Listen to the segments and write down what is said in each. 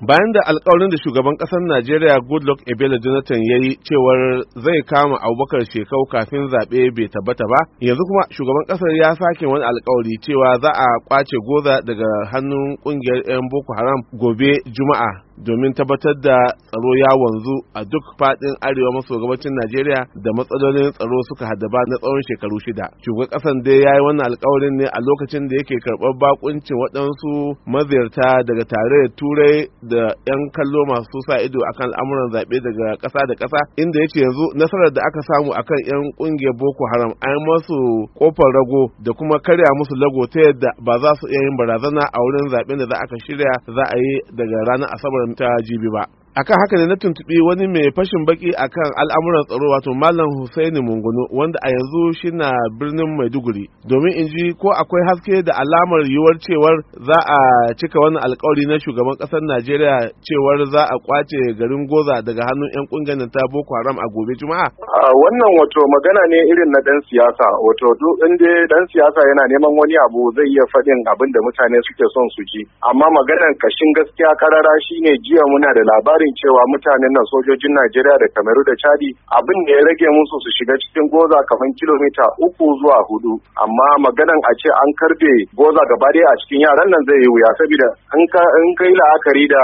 bayan da alkawarin da shugaban kasar najeriya goodluck ebele jonathan ya yi cewar zai kama abubakar shekau kafin zaɓe bai tabbata ba yanzu kuma shugaban kasar ya sake wani alkawari cewa za a kwace goza daga hannun kungiyar 'yan boko haram gobe juma'a domin tabbatar da tsaro ya wanzu a duk fadin arewa maso gabacin Najeriya da matsalolin tsaro suka haddaba na tsawon shekaru shida. Shugaban kasan dai ya yi wannan alkawarin ne a lokacin da yake karɓar bakuncin waɗansu maziyarta daga tarayyar Turai da 'yan kallo masu sa ido akan al'amuran zaɓe daga ƙasa da ƙasa inda yake yanzu nasarar da aka samu akan 'yan ƙungiyar Boko Haram an masu kofar rago da kuma karya musu lago ta yadda ba za su iya yin barazana a wurin zaɓen da za aka shirya za a yi daga ranar Asabar ta jibi ba akan haka ne na tuntuɓi wani mai fashin baki akan al'amuran tsaro wato malam hussein mungunu wanda a yanzu shi na birnin maiduguri domin in ji ko akwai haske da alamar yiwuwar cewar za a cika wani alkawari na shugaban ƙasar najeriya cewar za a kwace garin goza daga hannun yan kungiyar ta boko haram a gobe juma'a wannan wato magana ne irin na dan siyasa wato in dai dan siyasa yana neman wani abu zai iya faɗin abin da mutane suke son su ji amma maganar kashin gaskiya karara shine jiya muna da labarin sani cewa mutanen nan sojojin Najeriya da Kamaru da Chadi abin da ya rage musu su shiga cikin goza kamar kilomita uku zuwa hudu amma maganan a ce an karbe goza gaba ɗaya a cikin yaran nan zai yi wuya saboda in in kai la'akari da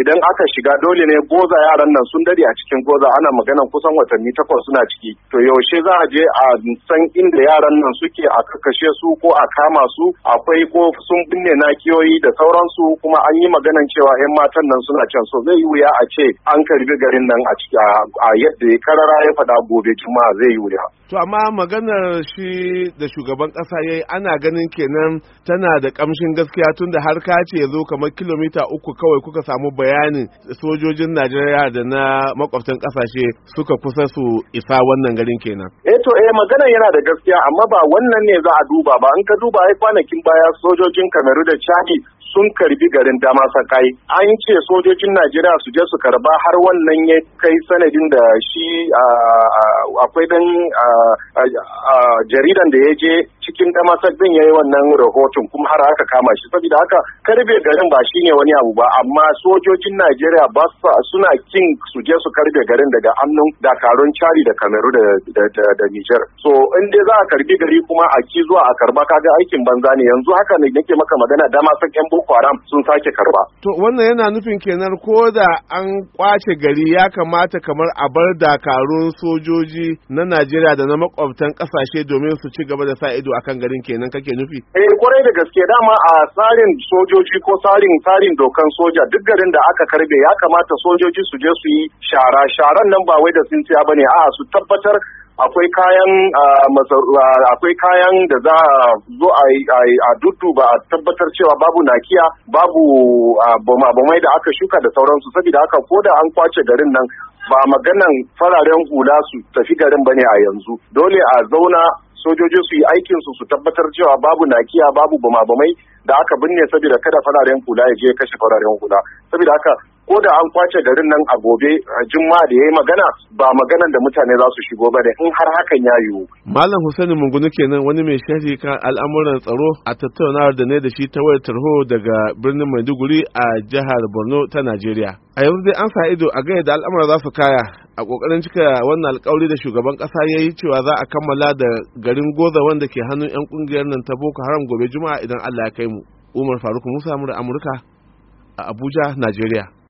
idan aka shiga dole ne goza yaran nan sun dade a cikin goza ana magana kusan watanni takwas suna ciki to yaushe za a je a san inda yaran nan suke a kakashe su ko a kama su akwai ko sun binne nakiyoyi da sauransu kuma an yi maganan cewa yan matan nan suna can so zai yi wuya a ce an karbi garin nan a yadda karara ya faɗa gobe juma'a zai yi wuya. to amma maganar shi da shugaban kasa yayi ana ganin kenan tana da ƙamshin gaskiya tun da har ka ce ya zo kamar kilomita uku kawai kuka samu bayanin sojojin najeriya da na makwabtan ƙasashe suka kusa su isa wannan garin kenan to eh magana yana da gaskiya amma ba wannan ne za a duba ba in ka duba ai kwanakin baya sojojin Kameru da Chadi sun karbi garin dama Damasakai an ce sojojin Najeriya su je su karba har wannan ya kai sanadin da shi ah, ah, akwai dan ah, jaridan da ya je cikin damasak din yayi wannan rahoton kuma har aka kama shi saboda haka karbe garin ba shine wani abu ba amma sojojin Najeriya ba suna kin su je su karbe garin daga hannun dakarun cari da kameru da Niger so in dai za a karbi gari kuma a ci zuwa a karba kaga aikin banza ne yanzu haka ne nake maka magana damasak yan Boko Haram sun sake karba to wannan yana nufin kenan ko da an kwace gari ya kamata kamar a bar dakarun sojoji na Najeriya da na makwabtan kasashe domin su ci gaba da sa ido kan garin kenan kake nufi eh kwarai da gaske dama a tsarin sojoji ko tsarin tsarin dokan soja duk garin da aka karbe ya kamata sojoji su je su yi shara sharan nan ba wai da tsintsiya bane a'a su tabbatar akwai kayan akwai kayan da za a zo a dudu ba a tabbatar cewa babu nakiya babu bamai da aka shuka da sauransu saboda haka ko da an kwace garin nan ba maganan fararen hula su tafi garin bane a yanzu dole a zauna sojojin su yi aikin su su tabbatar cewa babu nakiya babu bama-bamai da aka binne saboda kada fararen kula ya je kashe fararen kula. saboda haka ko da an kwace garin nan a gobe a jumma da ya yi magana ba maganan da mutane za su shigo ba da in har hakan ya yiwu. Malam Hussaini Mungunu kenan wani mai shafi kan al'amuran tsaro a tattaunawar da ne da shi ta wayar tarho daga birnin Maiduguri a jihar Borno ta Najeriya. A yanzu dai an sa ido a ga yadda al'amuran za su kaya a kokarin cika wannan alkawari da shugaban ƙasa ya yi cewa za a kammala da garin goza wanda ke hannun 'yan kungiyar nan ta boko haram gobe juma'a idan allah ya kai mu umar faruk musa mura amurka a abuja najeriya